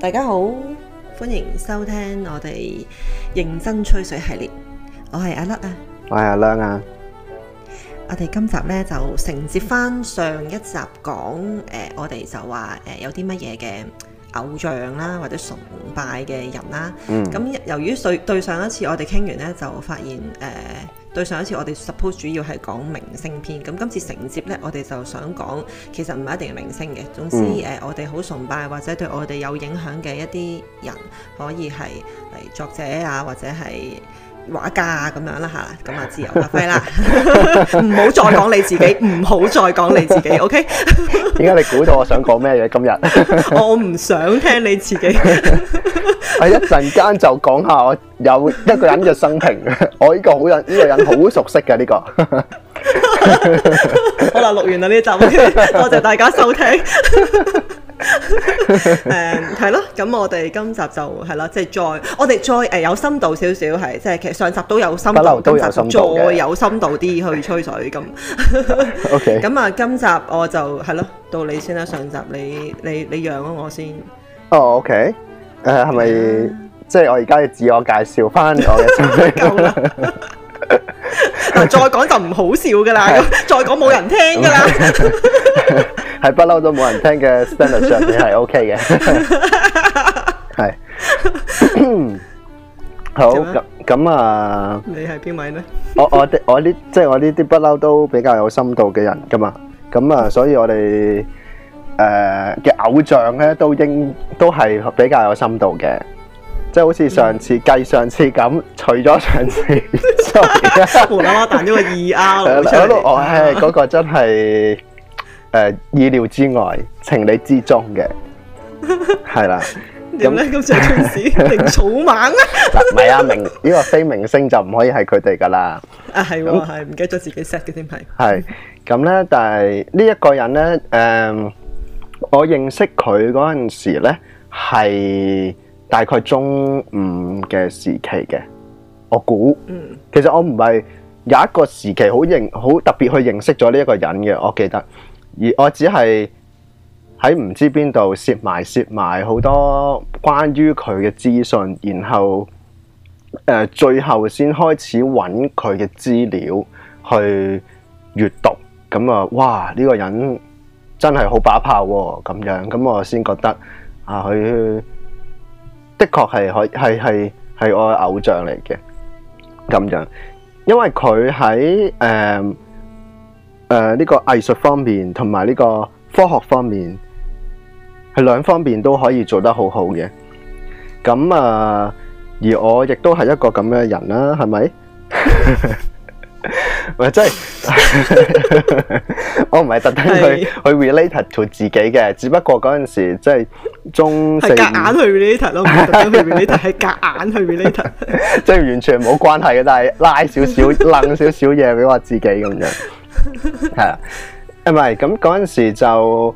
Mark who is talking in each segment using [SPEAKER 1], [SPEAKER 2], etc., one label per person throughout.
[SPEAKER 1] 大家好，歡迎收聽我哋認真吹水系列，
[SPEAKER 2] 我係阿粒啊，我係阿亮啊，
[SPEAKER 1] 我哋今集咧就承接翻上，上一集講，誒、呃，我哋就話誒、呃、有啲乜嘢嘅。偶像啦，或者崇拜嘅人啦。咁、嗯、由於對，對上一次我哋傾完咧，就發現誒、呃、對上一次我哋 suppose 主要係講明星篇，咁今次承接咧，我哋就想講其實唔係一定係明星嘅，總之誒、嗯呃、我哋好崇拜或者對我哋有影響嘅一啲人，可以係嚟作者啊，或者係。畫家
[SPEAKER 2] 啊，咁樣啦吓，咁啊自由發揮啦，唔好再講你自己，唔好再講你自己，OK？點解你估到我想講咩嘢今日？我唔想聽你自己。係一陣間就講下我有一個人嘅生平，我呢個好人，呢個人好熟悉嘅呢個。
[SPEAKER 1] 好啦，錄完啦呢集，多謝大家收聽。誒，係咯、 um,，咁我哋今集就係咯，即係再，我哋再誒、呃、有深度少少，係即係其實上集都有深度，都有深度，今集再有深度啲去吹水咁。O K，咁啊，今集我就係咯，到你先啦。上集你你你讓咗我先。
[SPEAKER 2] 哦，O K，誒，係咪即係我而家要自我介紹翻我嘅身份？ 夠了 再講就唔好笑噶啦，咁
[SPEAKER 1] 再講冇人聽噶啦，
[SPEAKER 2] 係不嬲都冇人聽嘅。standard 上邊係 OK 嘅，係好咁咁啊！你係邊位呢？我我啲我呢即係我呢啲不嬲都比較有深度嘅人噶嘛，咁啊，所以我哋誒嘅偶像咧都應都係比較有深度嘅。即係好似上次計上次咁，除咗上次，辛苦啦，彈咗個二 R，我誒嗰個真係誒意料之外、情理之中嘅，係啦。點咧？今
[SPEAKER 1] 次係咩事？明草
[SPEAKER 2] 蜢啊？唔係啊，明呢個非明星就唔可以係佢哋噶啦。
[SPEAKER 1] 啊，係喎，係唔記得咗自己 set
[SPEAKER 2] 嘅添係。係咁咧，但係呢一個人咧，誒，我認識佢嗰陣時咧係。大概中五嘅時期嘅，我估其實我唔係有一個時期好認好特別去認識咗呢一個人嘅。我記得而我只係喺唔知邊度攝埋攝埋好多關於佢嘅資訊，然後誒、呃、最後先開始揾佢嘅資料去閱讀咁啊！哇，呢個人真係好把炮喎、啊，咁樣咁我先覺得啊佢。的確係，可係係係我嘅偶像嚟嘅咁樣，因為佢喺、誒誒呢個藝術方面同埋呢個科學方面係兩方面都可以做得好好嘅。咁啊，而我亦都係一個咁嘅人啦，係咪？咪即係我唔係特登去是去 relate to 自己嘅，只不過嗰陣時即係中四硬去
[SPEAKER 1] relate 咯，夾硬去 relate 係夾硬 去 relate，
[SPEAKER 2] 即係完全冇關係嘅，但係拉少拉少、冷少少嘢俾我自己咁樣係啦。誒， 唔咁嗰陣時就誒、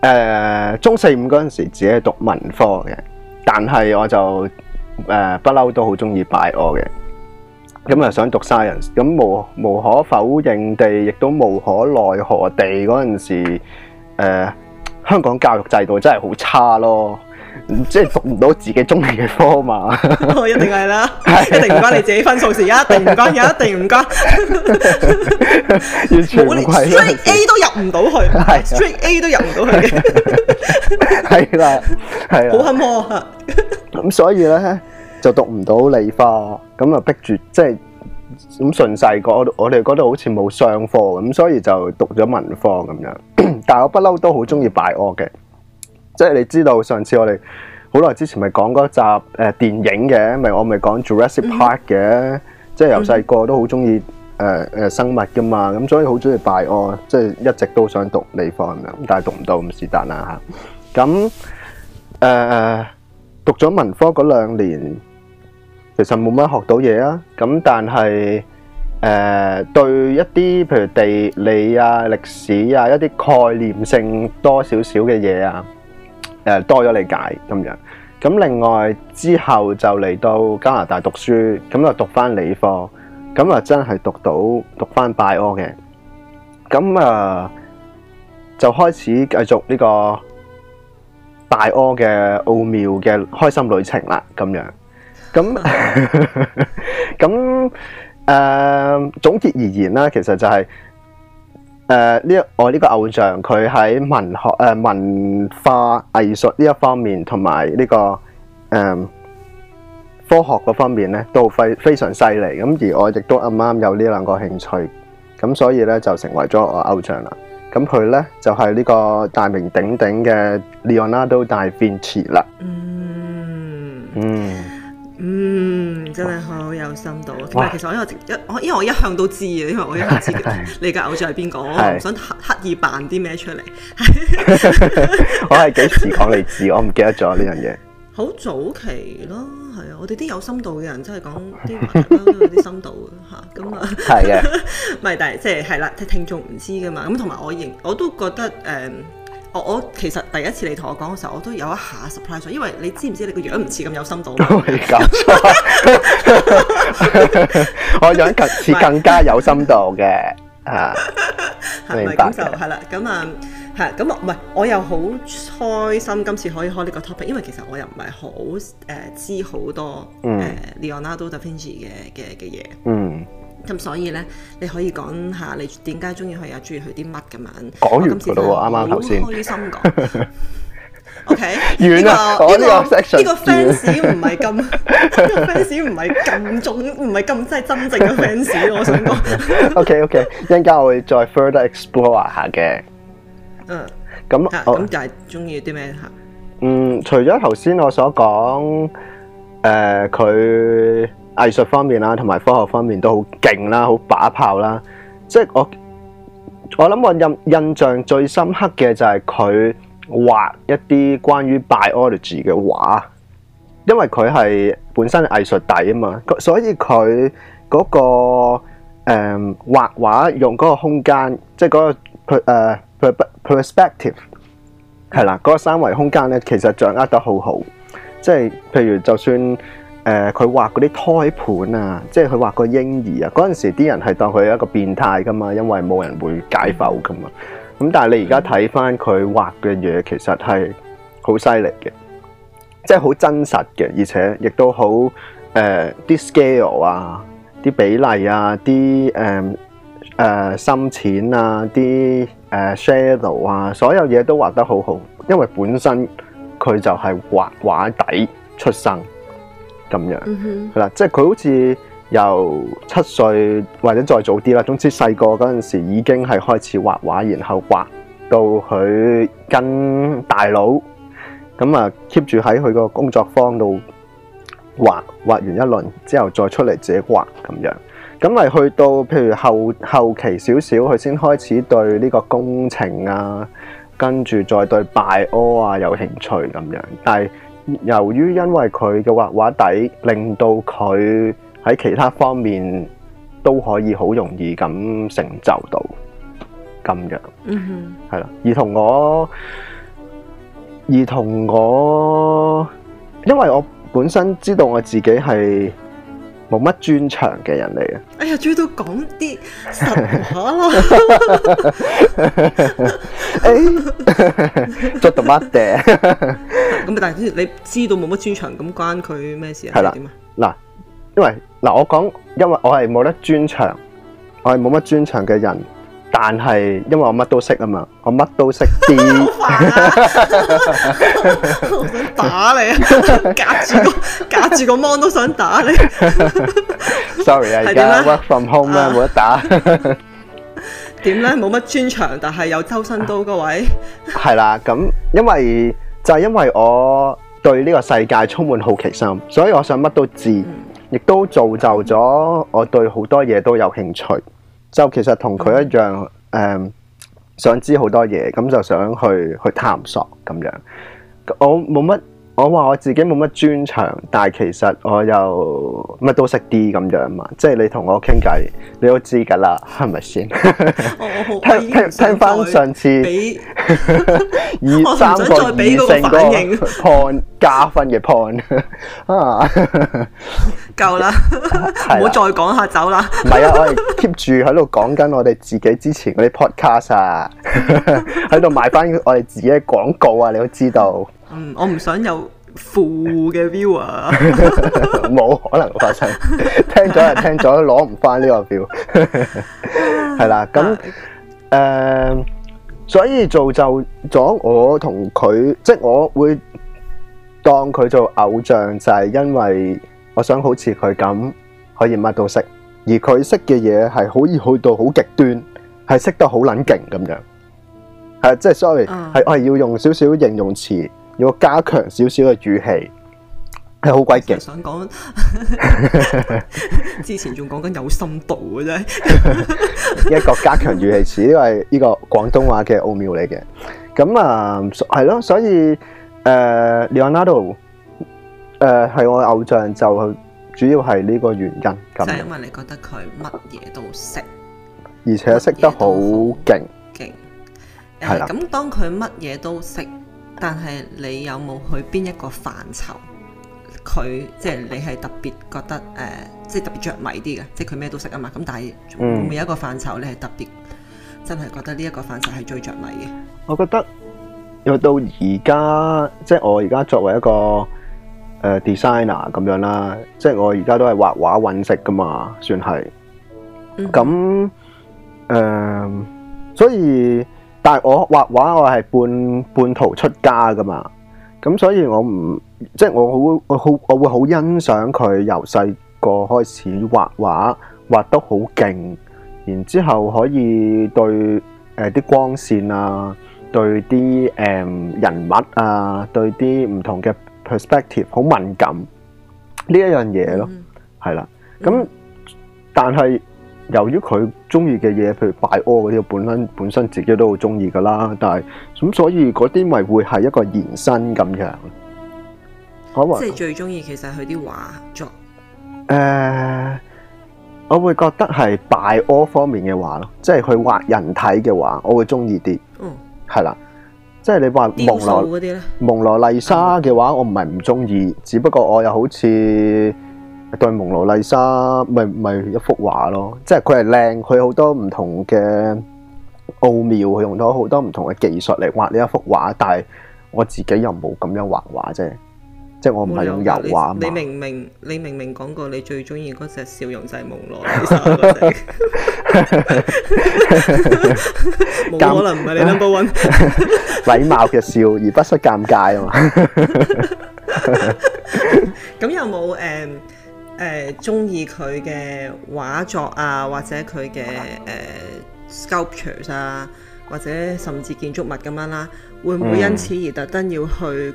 [SPEAKER 2] 呃、中四五嗰陣時自己係讀文科嘅，但係我就誒不嬲都好中意擺我嘅。咁啊，想讀 science，咁無無可否認地，亦都無可奈何地，嗰陣時，誒香港教育制度真係好差咯，即係讀唔到自己中意嘅科嘛。我一
[SPEAKER 1] 定係啦，一定唔關你自己分數事，一定唔關，一定
[SPEAKER 2] 唔關。完全 A
[SPEAKER 1] 都入唔到去，係 straight A 都入唔到
[SPEAKER 2] 去嘅，係啦，係啊，好坎坷吓。咁所以咧，吓。就讀唔到理科，咁啊逼住即係咁順細個，我我哋嗰度好似冇上課咁，所以就讀咗文科咁樣。但係我不嬲都好中意拜惡嘅，即係你知道上次我哋好耐之前咪講嗰集誒電影嘅，咪我咪講 Jurassic Park 嘅，即係由細個都好中意誒誒生物噶嘛，咁所以好中意拜惡，即係一直都想讀理科咁樣，但係讀唔到咁是但啦吓。咁誒讀咗文科嗰兩年。其實冇乜學到嘢啊，咁但係誒、呃、對一啲譬如地理啊、歷史啊一啲概念性多少少嘅嘢啊，誒、呃、多咗理解咁樣。咁另外之後就嚟到加拿大讀書，咁啊讀翻理科，咁啊真係讀到讀翻大 O 嘅，咁啊就開始繼續呢個大 O 嘅奧妙嘅開心旅程啦，咁樣。咁咁誒總結而言啦，其實就係誒呢我呢個偶像佢喺文學、誒文化藝術呢一方面同埋呢個誒科學嗰方面咧都非非常犀利咁，而我亦都啱啱有呢兩個興趣，咁所以咧就成為咗我偶像啦。咁佢咧就係呢個大名鼎鼎嘅 Leonardo da Vinci 啦。
[SPEAKER 1] 真係、嗯、好有深度，但係哇其實我因為一我因為我一向都知嘅，因為我一向知 你嘅偶像係邊個？ 我唔想刻意扮啲咩出嚟。
[SPEAKER 2] 我係幾時講你知？我唔記得咗呢樣嘢。
[SPEAKER 1] 好早期咯，係啊，我哋啲有深度嘅人真係講啲話都有啲深度嘅吓，咁啊係啊，唔係但係即係係啦，啲聽眾唔知噶嘛，咁同埋我認我都覺得誒。嗯我我其實第一次你同我講嘅時候，我都有一下 surprise，因為你知唔知你個樣唔似咁有深度？都係噉，
[SPEAKER 2] 我樣更似更加有深度嘅嚇。 明白。
[SPEAKER 1] 係啦，咁啊，係咁啊，唔係，我又好開心今次可以開呢個 topic，因為其實我又唔係好誒知好多誒 Leonardo da Vinci 嘅嘅嘅嘢。嗯。嗯嗯咁所以咧，你可以講下你點解中意佢啊？中意佢啲乜咁樣？講
[SPEAKER 2] 完噶啦喎，啱啱頭先。好
[SPEAKER 1] 開心講。O K，呢個呢個呢個 fans 唔係咁，呢個
[SPEAKER 2] fans
[SPEAKER 1] 唔係咁重，唔係咁真係真正嘅 fans。我想講。
[SPEAKER 2] O K，O K，一陣間我會再 further explore 下嘅。嗯。咁，咁
[SPEAKER 1] 就係中意啲咩？嗯，
[SPEAKER 2] 除咗頭先我所講，誒、呃，佢。藝術方面啦，同埋科學方面都好勁啦，好把炮啦。即係我，我諗我印印象最深刻嘅就係佢畫一啲關於 biology 嘅畫，因為佢係本身藝術底啊嘛，所以佢嗰個誒畫畫用嗰個空間，即係嗰個誒 per, uh, perspective 係啦，嗰個三維空間咧，其實掌握得好好。即係譬如就算。誒，佢、呃、畫嗰啲胎盤啊，即係佢畫個嬰兒啊。嗰陣時啲人係當佢係一個變態噶嘛，因為冇人會解剖噶嘛。咁、嗯、但係你而家睇翻佢畫嘅嘢，其實係好犀利嘅，即係好真實嘅，而且亦都好誒啲 scale 啊，啲比例啊，啲誒誒深淺啊，啲誒、呃、shadow 啊，所有嘢都畫得好好，因為本身佢就係畫畫底出生。咁樣，嗱、嗯，即係佢好似由七歲或者再早啲啦，總之細個嗰陣時已經係開始畫畫，然後畫到佢跟大佬咁啊 keep 住喺佢個工作坊度畫，畫完一輪之後再出嚟自己畫咁樣。咁嚟去到譬如後後期少少，佢先開始對呢個工程啊，跟住再對 bio 啊有興趣咁樣，但係。由於因為佢嘅畫畫底，令到佢喺其他方面都可以好容易咁成就到咁樣，係啦，mm hmm。而同我，而同我，因為我本身知道我自己係。冇乜專長嘅人嚟嘅。
[SPEAKER 1] 哎呀，最多講啲神話咯。哎
[SPEAKER 2] 欸，作乜嘅？
[SPEAKER 1] 咁啊，但係你知道冇乜專長，咁關佢咩事啊？係啦的，點啊
[SPEAKER 2] 樣？嗱，因為嗱，我講，因為我係冇得專長，我係冇乜專長嘅人。但係，因為我乜都識啊嘛，我乜都識啲。好煩 煩啊！ 打你，
[SPEAKER 1] 夾住夾住個 mon 都想打你。
[SPEAKER 2] Sorry 啊，而家 work from home 啦、啊，冇得打。
[SPEAKER 1] 點 咧？冇乜專長，但係有
[SPEAKER 2] 周身刀個位。係 啦，咁因為就係、是、因為我對呢個世界充滿好奇心，所以我想乜都知，亦都造就咗我對好多嘢都有興趣。就其實同佢一樣，誒、嗯嗯、想知好多嘢，咁就想去去探索咁樣。我冇乜，我話我自己冇乜專長，但係其實我又乜都識啲咁樣嘛。即係你同我傾偈，你都知㗎啦，係咪先？聽聽翻上次俾二三個二成個 point 個加分嘅 point 啊！
[SPEAKER 1] 夠啦，唔好、啊、再講下走啦。唔係
[SPEAKER 2] 啊，我哋 keep 住喺度講緊我哋自己之前嗰啲 podcast 啊，喺度賣翻我哋自己嘅廣告啊，你都知道。
[SPEAKER 1] 嗯，我唔想有負
[SPEAKER 2] 嘅 view 啊，冇 可能發生。聽咗就聽咗，攞唔翻呢個 view 係啦。咁 誒、啊啊呃，所以造就咗我同佢，即係我會當佢做偶像，就係因為。我想好似佢咁，可以乜都識，而佢識嘅嘢係可以去到好極端，係識得好撚勁咁樣。係、啊，即係 sorry，係、嗯、我係要用少少形容詞，要加強少少嘅語氣，係好鬼勁。想
[SPEAKER 1] 講 之前仲講緊有深度嘅啫，
[SPEAKER 2] 一個加強語氣詞，因為呢個廣東話嘅奧妙嚟嘅。咁啊，係咯，所以誒、呃、Leonardo。誒，係、呃、我偶像，就主要係呢個原因。就
[SPEAKER 1] 係因為你覺得佢乜嘢都識，
[SPEAKER 2] 而且識得好勁勁。咁、
[SPEAKER 1] 啊、的當佢乜嘢都識，但係你有冇去邊一個範疇？佢即係你係特別覺得誒，即、呃、係、就是、特別着迷啲嘅，即係佢咩都識啊嘛。咁但係每一個範疇，你係特別真係覺得呢一個範疇係最着迷嘅。
[SPEAKER 2] 我覺得，要到而家，即、就、係、是、我而家作為一個。誒 designer 咁樣啦，即係我而家都係畫畫揾食噶嘛，算係。咁誒，所以但係我畫畫我係半半途出家噶嘛，咁所以我唔即係我好我好我會好欣賞佢由細個開始畫畫畫得好勁，然之後可以對誒啲光線啊，對啲誒人物啊，對啲唔同嘅 Perspective 好敏感呢一樣嘢咯，係、嗯、啦，咁、嗯、但係由於佢中意嘅嘢，譬如拜柯嗰啲，本身本身自己都好中意噶啦，但係咁所以嗰啲咪會係一個延伸，咁樣。我即係
[SPEAKER 1] 最中意，其實佢啲畫作。
[SPEAKER 2] 誒、呃，我會覺得係拜柯方面嘅畫咯，即係佢畫人體嘅畫，我會中意啲。嗯，係啦。即係你話蒙羅啲咧，蒙羅麗莎嘅話，我唔係唔中意，只不過我又好似對蒙羅麗莎咪咪一幅畫咯，即係佢係靚，佢好多唔同嘅奧妙，佢用咗好多唔同嘅技術嚟畫呢一幅畫，但係我自己又冇咁樣畫畫啫。即係我唔係用油畫嘛？你
[SPEAKER 1] 明明你明明講過你最中意嗰隻笑容就係蒙羅，冇可能唔係你 number one。
[SPEAKER 2] 禮貌嘅笑而不失尷尬啊嘛。
[SPEAKER 1] 咁有冇誒誒中意佢嘅畫作啊，或者佢嘅誒 sculptures 啊，或者甚至建築物咁樣啦？會唔會因此而特登要去誒？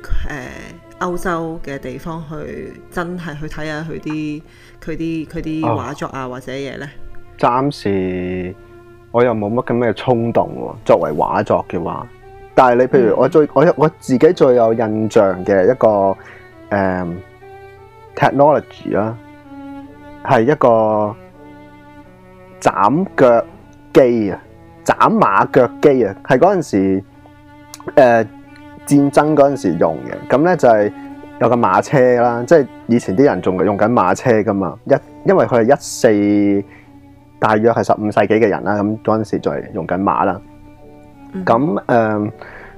[SPEAKER 1] 歐洲嘅地方去，真去，真係去睇下佢啲佢啲佢啲畫作啊，哦、或者嘢咧。
[SPEAKER 2] 暫時我又冇乜咁嘅衝動、啊、作為畫作嘅話，但係你譬如我最我、嗯、我自己最有印象嘅一個誒、嗯、technology 啦、啊，係一個斬腳機啊，斬馬腳機啊，係嗰陣時戰爭嗰陣時用嘅，咁咧就係有個馬車啦，即係以前啲人仲用緊馬車㗎嘛，一因為佢係一四，大約係十五世紀嘅人啦，咁嗰陣時就係用緊馬啦。咁誒，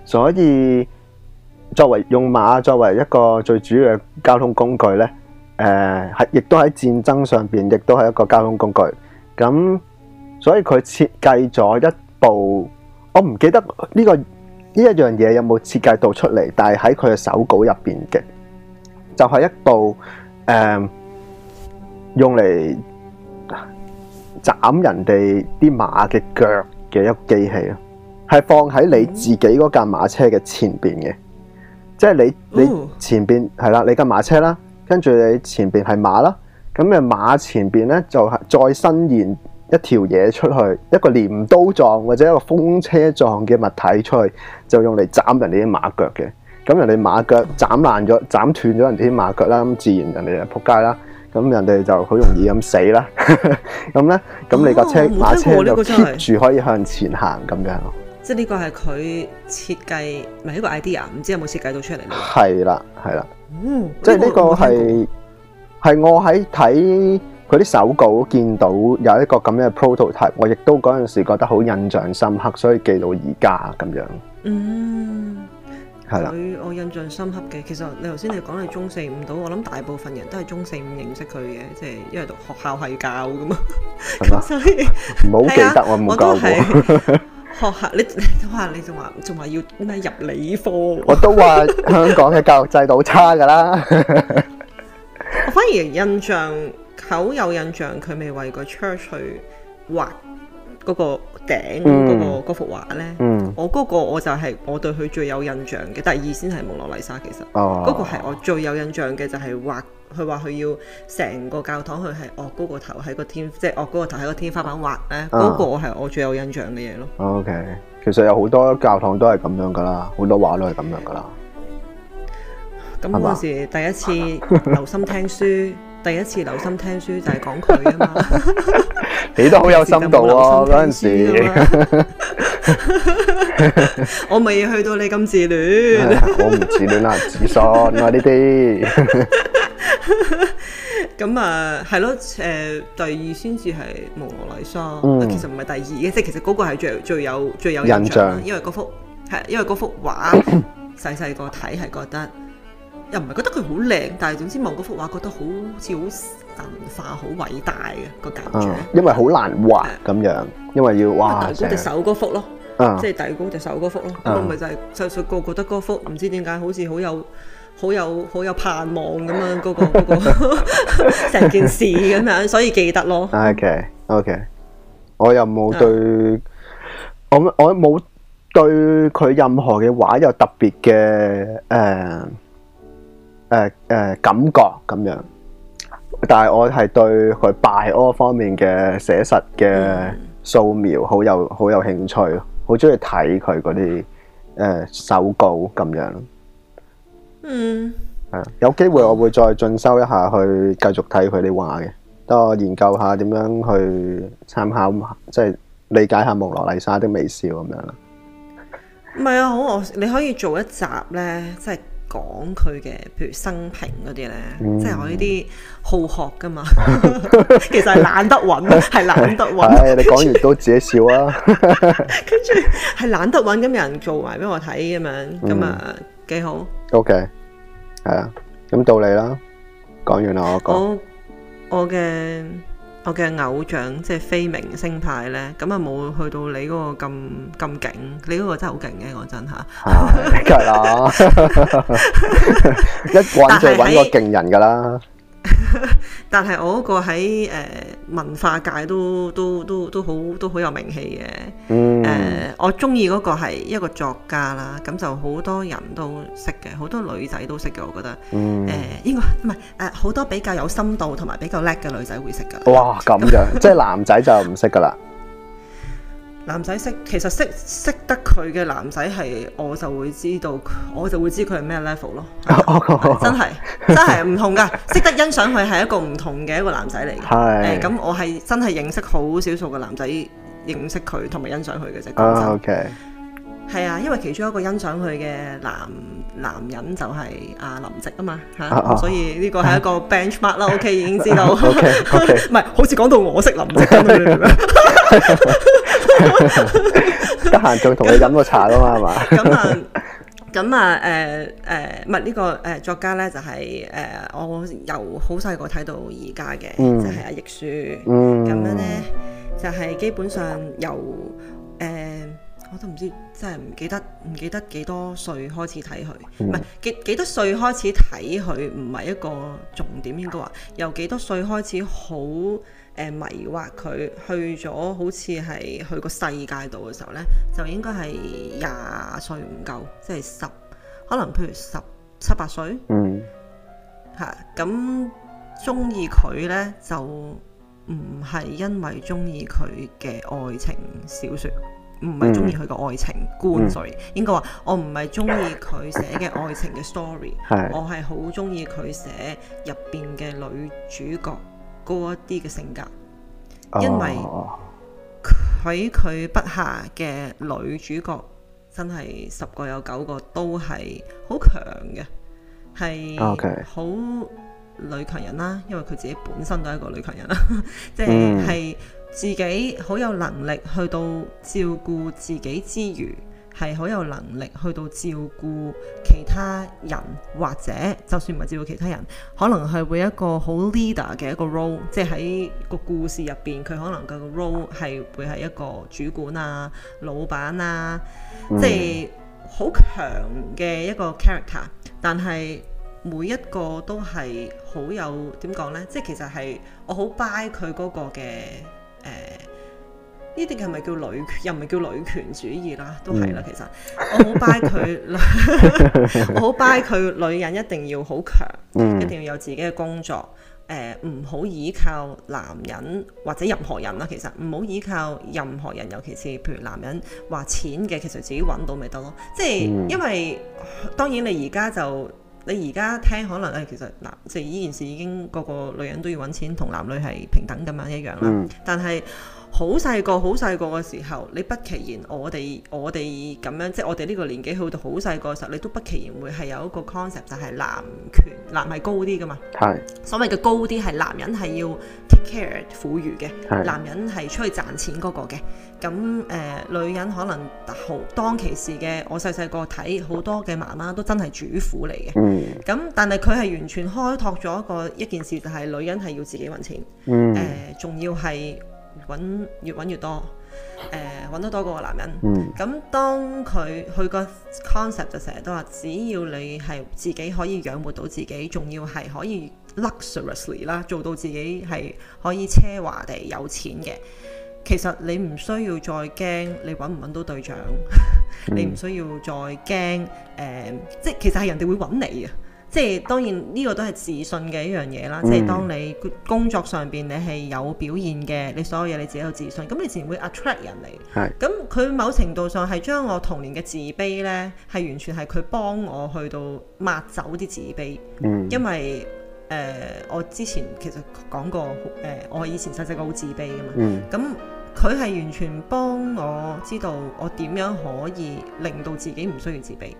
[SPEAKER 2] 所以作為用馬作為一個最主要嘅交通工具咧，誒係亦都喺戰爭上面，亦都係一個交通工具。咁所以佢設計咗一部，我唔記得呢個。呢一樣嘢有冇設計到出嚟？但係喺佢嘅手稿入邊嘅，就係、是、一部誒、嗯、用嚟斬人哋啲馬嘅腳嘅一個機器咯，係放喺你自己嗰架馬車嘅前邊嘅，即係你你前邊係啦，你架馬車啦，跟住你前邊係馬啦，咁你馬前邊咧就係再伸延一條嘢出去，一個鐮刀狀或者一個風車狀嘅物體出去。就用嚟斬人哋啲馬腳嘅，咁人哋馬腳斬爛咗、斬斷咗人哋啲馬腳啦，咁自然人哋就仆街啦。咁人哋就好容易咁死啦。咁 咧，咁你架車、哦、馬車就貼住可以向前行咁樣。
[SPEAKER 1] 即係呢個係佢設計，唔係一個 idea，唔知有冇設計到出嚟。
[SPEAKER 2] 係啦，係啦。嗯，
[SPEAKER 1] 即係呢個係
[SPEAKER 2] 係我喺睇佢啲手稿見到有一個咁樣嘅 prototype，我亦都嗰陣時覺得好印象深刻，所以記到而家咁樣。嗯，佢
[SPEAKER 1] 的我印象深刻嘅。其實你頭先你講係中四五度，我諗大部分人都係中四五認識佢嘅，即係因為讀學校係教噶嘛。咁所以
[SPEAKER 2] 唔好記得我冇教。
[SPEAKER 1] 學校，你都話你仲話仲話要咩入理科？ 我
[SPEAKER 2] 都話香港嘅教育制度差噶啦。
[SPEAKER 1] 我反而印象好有印象，佢未為畫，個 church 去畫嗰個。嗰、嗯那個嗰幅畫咧，嗯、我嗰個我就係我對佢最有印象嘅。第二先係蒙羅麗莎，其實嗰、哦、個係我最有印象嘅，就係畫佢話佢要成個教堂，佢係哦高個頭喺個天，即係哦高個頭喺個天花板畫咧。嗰、那個我係我最有印象嘅嘢咯。嗯、
[SPEAKER 2] o、okay. K，其實有好多教堂都係咁樣噶啦，多畫嗯、好多畫都係咁樣噶啦。
[SPEAKER 1] 咁嗰時第一次留心聽書。是吧 第一次留心聽書就係講佢啊嘛，
[SPEAKER 2] 你都好有深度啊嗰陣時，
[SPEAKER 1] 我未去到你咁自戀、 哎，
[SPEAKER 2] 我唔自戀啊，自信 啊呢啲，
[SPEAKER 1] 咁啊係咯，誒、呃、第二先至係蒙娜麗莎，嗯，其，其實唔係第二嘅，即係其實嗰個係最最有最有印象，像因為嗰幅係因為嗰幅畫細細個睇係覺得。 又唔係覺得佢好靚，但係總之某嗰幅畫覺得好似好神化、好偉大嘅個感覺。
[SPEAKER 2] 嗯，因為好難畫咁樣，因為要畫成。遞高隻手
[SPEAKER 1] 嗰幅咯，即係遞高隻手嗰幅咯，咁咪就係細細個覺得嗰幅唔知點解好似好有好有好有盼望咁樣。嗰個嗰個成件事咁樣，所以記得咯。
[SPEAKER 2] O K，O K，我又冇對我我冇對佢任何嘅畫有特別嘅誒。誒誒，感覺咁樣，但係我係對佢拜柯方面嘅寫實嘅素描好有好有興趣，好中意睇佢嗰啲誒手稿咁樣。嗯，係啊，有機會我會再進修一下去繼續睇佢啲畫嘅，等我研究下點樣去參考，即係理解下蒙羅麗莎的微笑咁樣。唔係
[SPEAKER 1] 啊，好，我你可以做一集咧，即係。講佢嘅，譬如生平嗰啲咧，即係我呢啲好學噶嘛，其實係懶得揾，係懶得揾。係
[SPEAKER 2] 你講完都自己笑啊！
[SPEAKER 1] 跟住係懶得揾咁人做埋俾我睇咁樣，咁啊幾好。
[SPEAKER 2] OK，係啊，咁到你啦。講完啦，我講
[SPEAKER 1] 我嘅。我嘅偶像即係非明星派咧，咁啊冇去到你嗰個咁咁勁，你嗰個真係好勁嘅、啊，我真嚇。
[SPEAKER 2] 係啊，一個人就搵個勁人噶啦。
[SPEAKER 1] 但係我嗰個喺誒、呃、文化界都都都都好都好有名氣嘅，誒、嗯呃、我中意嗰個係一個作家啦，咁就好多人都識嘅，好多女仔都識嘅，我覺得，
[SPEAKER 2] 誒呢
[SPEAKER 1] 個唔係誒好多比較有深度同埋比較叻嘅女仔會識噶，哇
[SPEAKER 2] 咁樣？ 即係男仔就唔識噶啦。
[SPEAKER 1] 男仔識，其實識識得佢嘅男仔係，我就會知道，我就會知佢係咩 level 囉，
[SPEAKER 2] 真係真係
[SPEAKER 1] 唔同㗎。識得欣賞佢係一個唔同嘅一個男仔嚟嘅。係，咁我係真係認識好少數嘅男仔，認識佢同埋欣賞佢嘅啫。OK，係啊，因為其中一個欣賞佢嘅男男人就係阿林夕啊嘛嚇，所以呢個係一個 benchmark 啦。OK，已經知道，唔係好似講到我識林夕。
[SPEAKER 2] 得閒仲同你飲個茶啦嘛，係嘛 那？咁啊
[SPEAKER 1] 咁啊，誒誒，唔係、嗯、呢個誒作家咧，就係誒我由好細個睇到而家嘅，就係阿亦舒，咁樣咧就係基本上由誒。呃我都唔知，即係唔記得唔記得、嗯、幾，幾多歲開始睇佢，唔係幾幾多歲開始睇佢，唔係一個重點。應該話由幾多歲開始好誒、呃、迷惑佢，去咗好似係去個世界度嘅時候呢，就應該係廿歲唔夠，即係十可能，譬如十七八歲，
[SPEAKER 2] 嗯，
[SPEAKER 1] 咁中意佢呢，就唔係因為中意佢嘅愛情小説。唔係中意佢嘅愛情觀，Sorry，應該話我唔係中意佢寫嘅愛情嘅 story，是我係好中意佢寫入邊嘅女主角高一啲嘅性格，oh。因為佢佢筆下嘅女主角真係十個有九個都係好強嘅，係好女強人啦，因為佢自己本身都係一個女強人啦，即係。自己好有能力去到照顧自己之餘，係好有能力去到照顧其他人，或者就算唔係照顧其他人，可能係會一個好 leader 嘅一個 role，即係喺個故事入邊佢可能個 role 係會係一個主管啊、老闆啊，嗯、即係好強嘅一個 character。但係每一個都係好有點講呢？即係其實係我好 buy 佢嗰個嘅。誒，呢啲係咪叫女，又唔係叫女權主義啦？都係啦，其實 我好拜佢， 我好拜佢，女人一定要好強， 一定要有自己嘅工作。誒、呃，唔好依靠男人或者任何人啦。其實唔好依靠任何人，尤其是譬如男人話錢嘅，其實自己揾到咪得咯。即係 因為當然你而家就。你而家聽可能誒、哎，其實嗱，即係依件事已經個個女人都要揾錢，同男女係平等咁樣一樣啦。嗯、但係。好細個，好細個嘅時候，你不其然我哋我哋咁樣，即係我哋呢個年紀去到好細個嘅時候，你都不其然會係有一個 concept 就係、是、男權男係高啲㗎嘛？係是所謂嘅高啲係男人係要 take care 撫育嘅，是男人係出去賺錢嗰個嘅。咁誒、呃，女人可能好當其時嘅，我細細個睇好多嘅媽媽都真係主婦嚟嘅。嗯，咁但係佢係完全開拓咗一個一件事，就係女人係要自己揾錢。
[SPEAKER 2] 嗯，
[SPEAKER 1] 仲、呃、要係。搵越搵越多，誒、呃、搵得多過個男人。咁、嗯、當佢去個 concept，就成日都話，只要你係自己可以養活到自己，仲要係可以 luxuriously 啦，做到自己係可以奢華地有錢嘅，其實你唔需要再驚你搵唔搵到對象，嗯、 你唔需要再驚誒、呃，即係其實係人哋會搵你啊。即係當然呢、這個都係自信嘅一樣嘢啦。嗯、即係當你工作上邊你係有表現嘅，你所有嘢你自己有自信，咁你自然會 attract 人嚟。係是。咁佢某程度上係將我童年嘅自卑呢，係完全係佢幫我去到抹走啲自卑。
[SPEAKER 2] 嗯、因
[SPEAKER 1] 為誒、呃，我之前其實講過誒、呃，我以前細細個好自卑㗎嘛。嗯。咁佢係完全幫我知道我點樣可以令到自己唔需要自卑。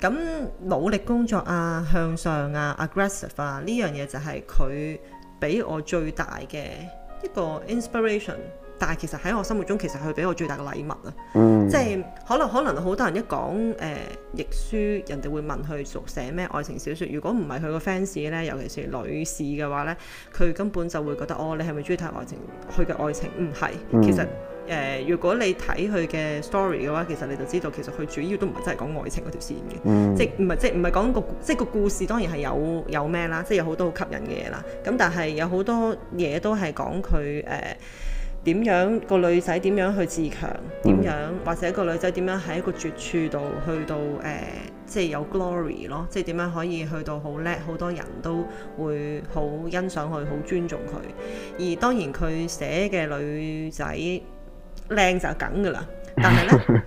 [SPEAKER 1] 咁努力工作啊，向上啊，aggressive 啊，呢樣嘢就係佢俾我最大嘅一個 inspiration。但係其實喺我心目中，其實佢俾我最大嘅禮物啊。嗯。即係可能可能好多人一講誒亦舒，人哋會問佢熟寫咩愛情小說，如果唔係佢個 fans 咧，尤其是女士嘅話咧，佢根本就會覺得哦，你係咪中意睇愛情？佢嘅愛情唔係、嗯嗯、其實。誒、呃，如果你睇佢嘅 story 嘅話，其實你就知道，其實佢主要都唔係真係講愛情嗰條線嘅、mm hmm.，即係唔係即係唔係講個即係個故事，當然係有有咩啦，即係有好多好吸引嘅嘢啦。咁但係有好多嘢都係講佢誒點樣個女仔點樣去自強，點、mm hmm. 樣或者個女仔點樣喺一個絕處度去到誒、呃，即係有 glory 咯，即係點樣可以去到好叻，好多人都會好欣賞佢，好尊重佢。而當然佢寫嘅女仔。靚就梗噶啦，但係咧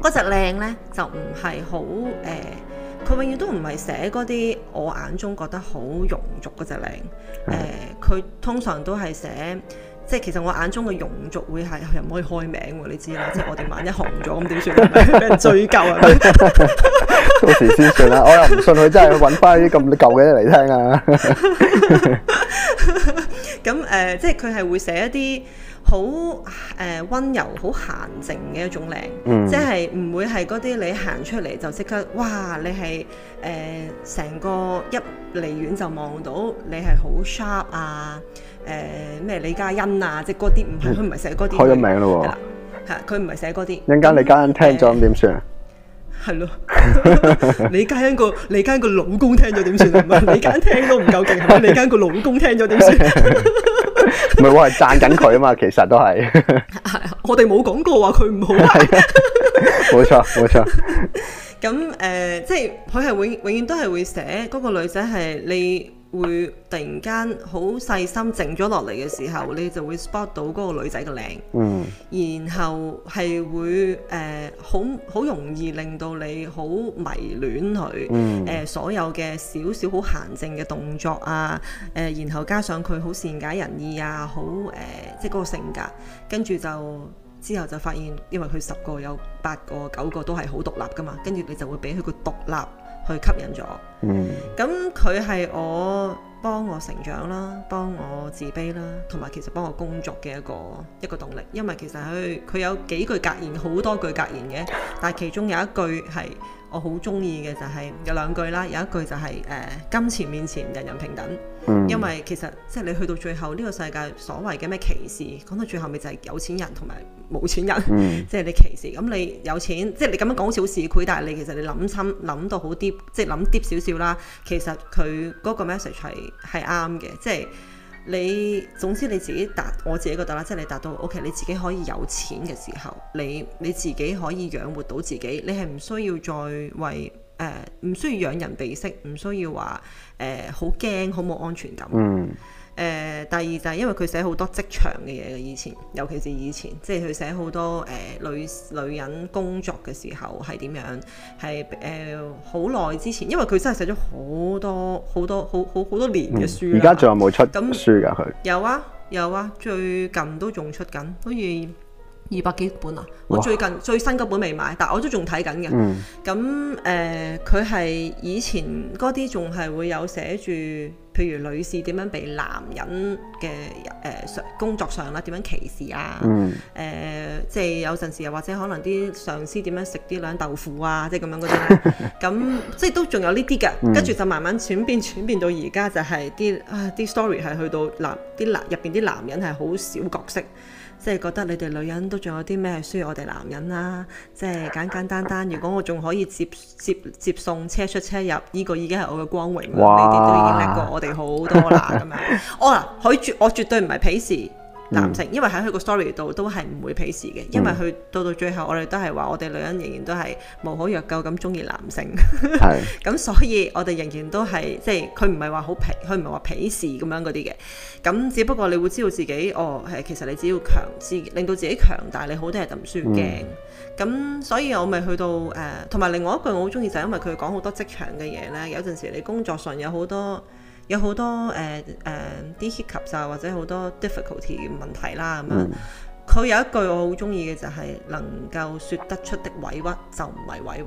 [SPEAKER 1] 嗰隻靚咧就唔係好誒，佢、呃、永遠都唔係寫嗰啲我眼中覺得好庸俗嗰隻靚誒，佢、呃、通常都係寫即係其實我眼中嘅庸俗會係又唔可以開名你知啦，即係我哋萬一紅咗咁點算？俾 人追究啊？
[SPEAKER 2] 到時先算啦，我又唔信佢真係搵翻啲咁舊嘅嘢嚟聽啊！
[SPEAKER 1] 咁 誒、 呃，即係佢係會寫一啲。好誒，溫柔好閒靜嘅一種靚，即係唔會係嗰啲你行出嚟，就即刻，哇！你係誒，成個一離遠就望到你係好 sharp 啊、呃，誒咩李嘉欣啊，即係嗰啲唔係，佢唔係寫嗰啲。開咗名咯喎，係佢唔係寫嗰啲。陣間李
[SPEAKER 2] 嘉欣聽咗點算啊？係咯，李
[SPEAKER 1] 嘉欣個李嘉欣個老公聽咗點算？唔係李嘉欣聽都唔夠勁，李嘉欣個老公聽咗點算？
[SPEAKER 2] 唔係我係讚緊佢啊嘛，其實都係，
[SPEAKER 1] 我哋冇講過話佢唔好， 係啊 ，
[SPEAKER 2] 冇錯冇錯。
[SPEAKER 1] 咁誒，即係佢係永永遠都係會寫嗰個女仔係你。會突然間好細心靜咗落嚟嘅時候，你就會 spot 到嗰個女仔嘅靚，嗯、然後係會誒好好容易令到你好迷戀佢，誒、呃、所有嘅少少好閒靜嘅動作啊，誒、呃、然後加上佢好善解人意啊，好誒、呃、即係嗰個性格，跟住就之後就發現，因為佢十個有八個九個都係好獨立噶嘛，跟住你就會俾佢個獨立。去吸引咗，咁佢係我幫我成長啦，幫我自卑啦，同埋其實幫我工作嘅一個一個動力。因為其實佢佢有幾句格言，好多句格言嘅，但係其中有一句係我好中意嘅，就係、是、有兩句啦，有一句就係、是、誒，呃，金錢面前人人平等。因為其實即係你去到最後呢個世界所謂嘅咩歧視，講到最後咪就係有錢人同埋冇錢人， 即係你歧視。咁你有錢，即係你咁樣講少少事，佢但係你其實你諗深諗到好啲，即係諗啲少少啦。其實佢嗰個 message 係係啱嘅，即係你總之你自己達，我自己覺得啦，即係你達到 OK，你自己可以有錢嘅時候，你你自己可以養活到自己，你係唔需要再為誒、呃，唔需要仰人鼻息，唔需要話。誒，好驚、呃，好冇安全感。嗯。誒，第二就係因為佢寫好多職場嘅嘢嘅，以前，尤其是以前，即係佢寫好多誒、呃、女女人工作嘅時候係點樣，係誒好耐之前，因為佢真係寫咗好多好多好好好多年嘅書。而家仲有冇出緊書噶？佢樣有啊，有啊，最近都仲出緊，好似。二百幾本啊！哇 我最近最新嗰本未買，但係我都仲睇緊嘅。咁誒、嗯嗯，佢、嗯、係以前嗰啲仲係會有寫住，譬如女士點樣俾男人嘅誒、呃、工作上啦，點樣歧視啊？誒、嗯嗯嗯，即係有陣時又或者可能啲上司點樣食啲兩豆腐啊，即係咁樣嗰啲咁即係都仲有呢啲嘅，跟住就慢慢轉變轉變到而家就係啲啊啲 story 係去到男啲男入邊啲男人係好少角色。即係覺得你哋女人都仲有啲咩係需要我哋男人啦、啊，即係簡簡單單單。如果我仲可以接接接送車出車入，呢、呢個已經係我嘅光榮，呢啲哇都已經叻過我哋好多啦咁 樣。我、oh, 嗱，佢絕我絕對唔係鄙視。男性，因為喺佢個 story 度都係唔會鄙視嘅，嗯、因為佢到到最後，我哋都係話我哋女人仍然都係無可藥救咁中意男性，咁是 所以我哋仍然都係即係佢唔係話好鄙，佢唔係話鄙視咁樣嗰啲嘅，咁只不過你會知道自己哦，係其實你只要強自，令到自己強大，你好多人就唔需要驚。咁、嗯、所以我咪去到誒，同、呃、埋另外一句我好中意就係因為佢講好多職場嘅嘢咧，有陣時你工作上有好多。有好多誒誒啲棘手，或者好多 difficulty 嘅問題啦咁樣。佢有一句我好中意嘅就係能夠説得出的委屈就唔係委屈。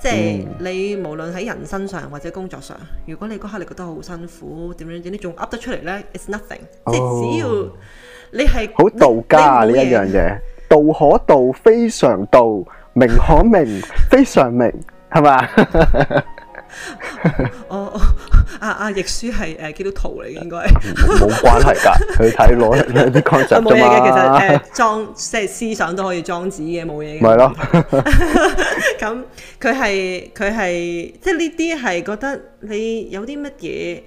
[SPEAKER 2] 即係你
[SPEAKER 1] 無論喺人身上或者工作上，如果你嗰刻你覺得好辛苦點樣點，你仲噏得出嚟呢？It's nothing。即係只要你係好道家啊呢一樣
[SPEAKER 2] 嘢，道可道非常道，名可名非常名，係咪？我。
[SPEAKER 1] 啊啊！易、啊、書係誒、呃、基督徒嚟嘅，應該
[SPEAKER 2] 冇關係㗎。佢睇攞啲 concept 啊，冇嘢嘅其實誒、呃、
[SPEAKER 1] 裝即係思想都可以裝紙嘅，冇嘢嘅。咪咯，咁佢係佢係即係呢啲係覺得你有啲乜嘢。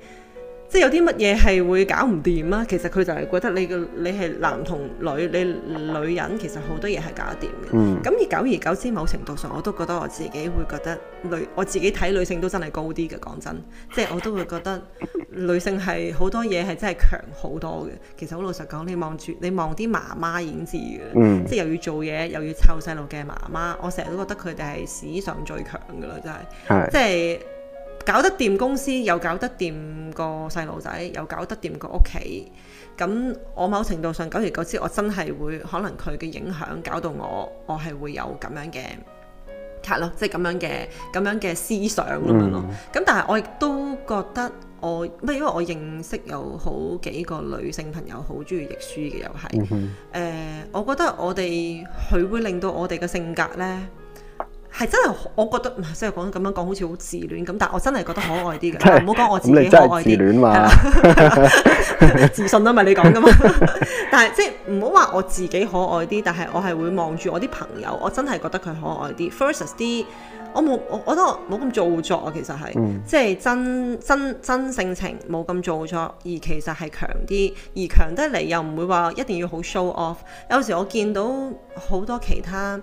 [SPEAKER 1] 即係有啲乜嘢係會搞唔掂啊？其實佢就係覺得你個你係男同女，你女人其實好多嘢係搞得掂嘅。咁而、嗯、久而久之，某程度上我都覺得我自己會覺得女，我自己睇女性都真係高啲嘅。講真，即係我都會覺得女性係好多嘢係真係強好多嘅。其實好老實講，你望住你望啲媽媽已經知嘅，嗯、即係又要做嘢，又要湊細路嘅媽媽，我成日都覺得佢哋係史上最強嘅啦，真係，即係是的、即係。搞得掂公司，又搞得掂個細路仔，又搞得掂個屋企。咁我某程度上，久而久之，我真係會可能佢嘅影響，搞到我，我係會有咁樣嘅，係咯，即係咁樣嘅，咁樣嘅思想咁樣咯。咁、嗯、但係我亦都覺得我，我唔係因為我認識有好幾個女性朋友，好中意譯書嘅又係。誒、嗯哼呃，我覺得我哋佢會令到我哋嘅性格咧。係真係，我覺得即係講咁樣講，好似好自戀咁。但我真係覺得可愛啲嘅，唔好講我自己可愛啲，嗯。你真係自戀嘛 自信咯，咪你講噶嘛。 但係即係唔好話我自己可愛啲，但係我係會望住我啲朋友，我真係覺得佢可愛啲。f i r s t s 啲，我冇我，我覺得我冇咁做作啊。其實係，嗯，即係真真真性情，冇咁做作，而其實係強啲，而強得嚟又唔會話一定要好 show off。有時我見到好多其他。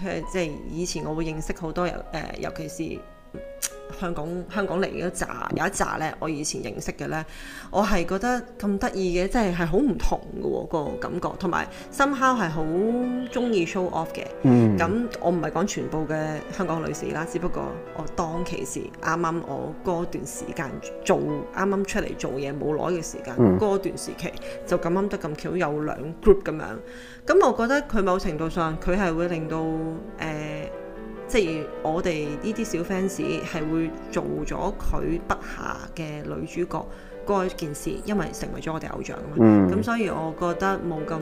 [SPEAKER 1] 係，即係 以前我會認識好多人，誒、呃，尤其是。香港，香港嚟一扎有一扎咧，我以前認識嘅咧，我係覺得咁得意嘅，即係係好唔同嘅喎，哦嗰個感覺，同埋深烤係好中意 show off 嘅。嗯、咁、嗯、我唔係講全部嘅香港女士啦，只不過我當其時啱啱我嗰段時間做啱啱出嚟做嘢冇耐嘅時間，嗰、嗯、段時期就咁啱得咁巧有兩 group 咁樣，咁、嗯嗯、我覺得佢某程度上佢係會令到誒。呃即係我哋呢啲小 fans 係會做咗佢筆下嘅女主角嗰件事，因為成為咗我哋偶像，咁、嗯、所以我覺得冇咁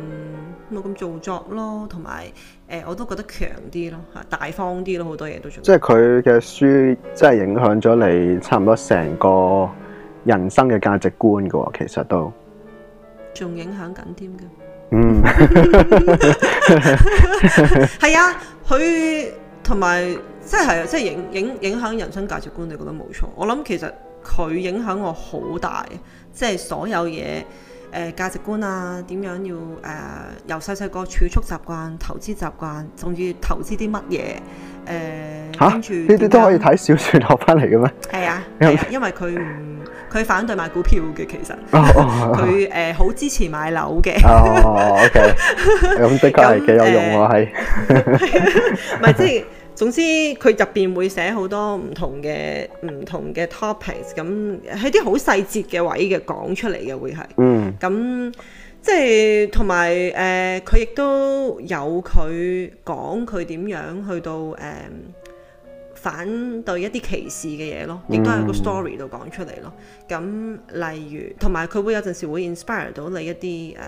[SPEAKER 1] 冇咁做作咯，同埋誒，我都覺得強啲咯，吓大方啲咯，好多嘢都做。即係佢
[SPEAKER 2] 嘅書，即係影響咗你差唔多成個人生嘅價值觀噶、哦，其實都
[SPEAKER 1] 仲影響緊添嘅。嗯，
[SPEAKER 2] 係
[SPEAKER 1] 啊，佢。同埋，即係啊，即係影影影響人生價值觀，你覺得冇錯。我諗其實佢影響我好大，即係所有嘢。誒、呃，價值觀啊，點樣要誒、呃，由細細個儲蓄習慣、投資習慣，仲要投資啲乜嘢？誒、呃，跟住呢啲都
[SPEAKER 2] 可以睇小説學翻嚟嘅咩？係啊，啊，
[SPEAKER 1] 因為佢唔，佢反對買股票嘅，其實佢誒好支持買樓嘅。哦、呃哦嗯嗯、OK，咁
[SPEAKER 2] 即刻係幾有用喎？係、
[SPEAKER 1] 嗯，唔係即係。總之，佢入邊會寫好多唔同嘅唔同嘅 topics，咁喺啲好細節嘅位嘅講出嚟嘅會係嗯咁即係同埋誒，佢亦、呃、都有佢講佢點樣去到誒、呃、反對一啲歧視嘅嘢咯，亦都喺個 story 度講出嚟咯。咁、嗯、例如同埋佢會有陣時會 inspire 到你一啲誒、呃，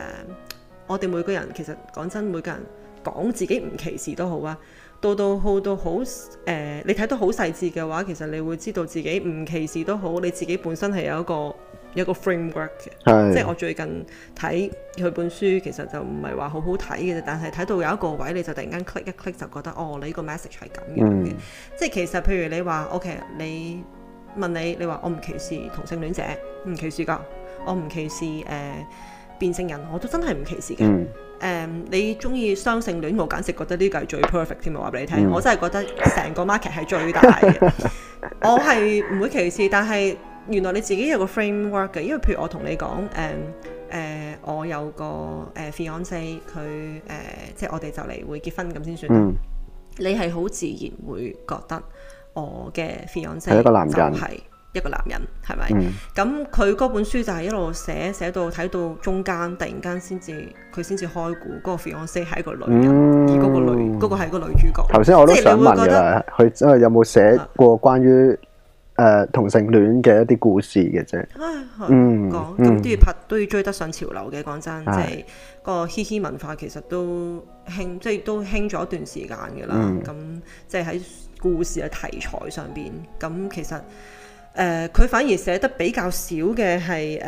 [SPEAKER 1] 我哋每個人其實講真，每個人講自己唔歧視都好啊。到到好到好、呃，你睇到好細緻嘅話，其實你會知道自己唔歧視都好，你自己本身係有一個有一個 framework 嘅。是即係我最近睇佢本書，其實就唔係話好好睇嘅啫，但係睇到有一個位你就突然間 click 一 click 就覺得，哦，你呢個 message 係咁樣嘅。嗯、即係其實譬如你話，OK，你問你，你話我唔歧視同性戀者，唔歧視㗎，我唔歧視誒、呃、變性人，我都真係唔歧視嘅。嗯誒，你中意雙性戀，我簡直覺得呢個係最 perfect 添啊！話俾你聽，我真係覺得成個 market 係最大嘅，我係唔會歧視。但係原來你自己有個 framework 嘅，因為譬如我同你講，誒誒，我有個誒 fiance，佢誒即係我哋就嚟會結婚咁先算。你係好自然會覺得我嘅 fiance 係一個男人。一個男人係咪咁？佢嗰本書就係一路寫寫到睇到中間，突然間先至佢先至開估。嗰、那個 Fiona 係一個女人，嗯、而嗰個女嗰、那個係個女主角。
[SPEAKER 2] 頭先我都想問佢、啊、有冇寫過關於誒、呃、同性戀嘅一啲故事嘅啫、啊嗯？嗯，講咁都要
[SPEAKER 1] 拍，都要追得上潮流嘅。講真，即係、嗯、個嘻嘻文化其實都興，即、就、係、是、都興咗一段時間㗎喇。咁、嗯嗯、即係喺故事嘅題材上邊，咁其實。誒，佢、uh, 反而寫得比較少嘅係誒，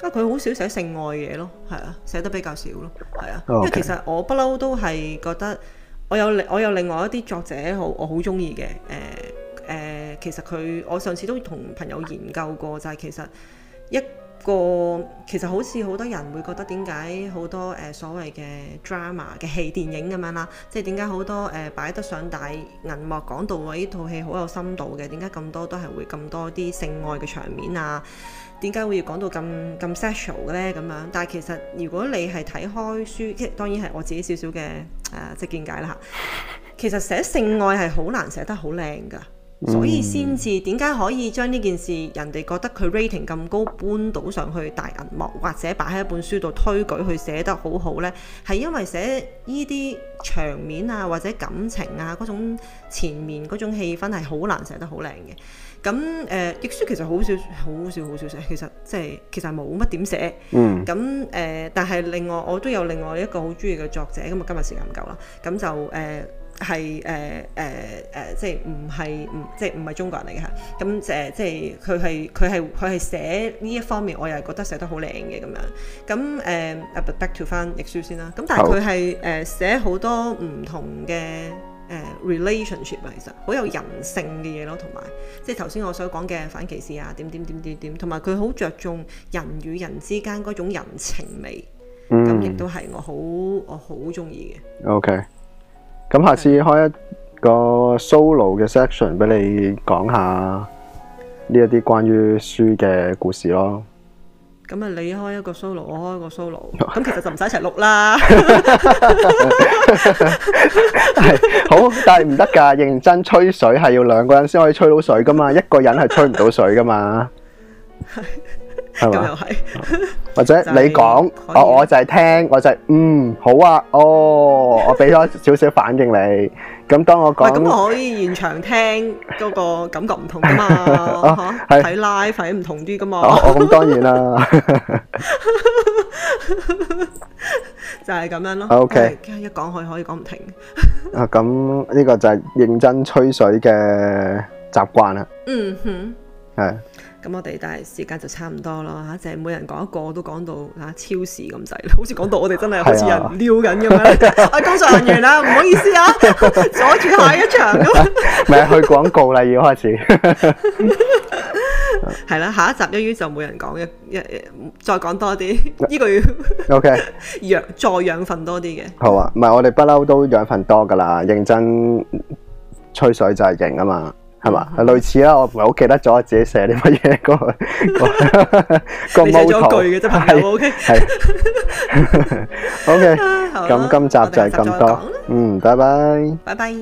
[SPEAKER 1] 啊，佢好少寫性愛嘢咯，係啊，寫得比較少咯，係啊，oh, okay. 因為其實我不嬲都係覺得，我有我有另外一啲作者好，我好中意嘅，誒誒，其實佢我上次都同朋友研究過，就係、是、其實一個其實好似好多人會覺得點解好多誒、呃、所謂嘅 drama 嘅戲電影咁樣啦、啊，即係點解好多誒、呃、擺得上大銀幕講到話呢套戲好有深度嘅，點解咁多都係會咁多啲性愛嘅場面啊？點解會要講到咁咁 sexual 嘅咧？咁樣，但係其實如果你係睇開書，即係當然係我自己少少嘅誒即係見解啦。其實寫性愛係好難寫得好靚噶。所以先至點解可以將呢件事人哋覺得佢 rating 咁高搬到上去大銀幕，或者擺喺一本書度推舉去寫得好好呢？係因為寫呢啲場面啊，或者感情啊嗰種前面嗰種氣氛係好難寫得好靚嘅。咁誒，亦、呃、舒其實好少好少好，好少寫，其實即係其實冇乜點寫。嗯。咁、呃、誒，但係另外我都有另外一個好中意嘅作者，咁啊今日時間唔夠啦，咁就誒。呃係誒誒誒，即係唔係唔即係唔係中國人嚟嘅嚇。咁、嗯、誒即係佢係佢係佢係寫呢一方面，我又覺得寫得好靚嘅咁樣。咁、嗯、誒，啊，back to 翻譯書先啦。咁但係佢係誒寫好多唔同嘅誒 relationship 啊，其實好有人性嘅嘢咯，同埋即係頭先我所講嘅反歧視啊，點點點點點，同埋佢好着重人與人之間嗰種人情味。
[SPEAKER 2] 嗯。咁亦都
[SPEAKER 1] 係我好我好中意嘅。
[SPEAKER 2] OK。咁下次開一個 solo 嘅 section 俾你講下呢一啲關於書嘅故事咯。
[SPEAKER 1] 咁啊，你開一個 solo，我開一個 solo。咁其實就唔使一齊錄啦。
[SPEAKER 2] 係好，但係唔得噶，認真吹水係要兩個人先可以吹到水噶嘛，一個人係吹唔到水噶嘛。咁又係，或者你講，我我就係聽，我就係嗯好啊，哦，我俾咗少少反應你。咁當我講，咁我可
[SPEAKER 1] 以現場聽嗰個感覺唔同噶嘛，吓睇 live，睇唔同啲噶嘛。哦，咁當然啦，就係咁樣咯。OK，一講佢可以講唔停。
[SPEAKER 2] 啊，咁呢個就係認真吹水嘅習慣啦。嗯哼，
[SPEAKER 1] 係。咁我哋大約時間就差唔多咯吓，就係每人講一個都講到吓超時咁滯啦，好似講到我哋真係好似人撩緊咁樣。工作人員啦，唔好意思啊，阻住下一場咁。
[SPEAKER 2] 咪去廣告啦，要開始。
[SPEAKER 1] 係啦，下一集一於就每人講一一再講多啲，呢個要 OK，養再養分多啲嘅。
[SPEAKER 2] 好啊，唔係我哋不嬲都養分多噶啦，認真吹水就係型啊嘛～係嘛，係類似啦，我唔係好記得咗自己寫啲乜嘢個個個。你寫咗一句嘅啫嘛，OK，係，OK，咁今集就係咁多，嗯，拜拜，拜拜。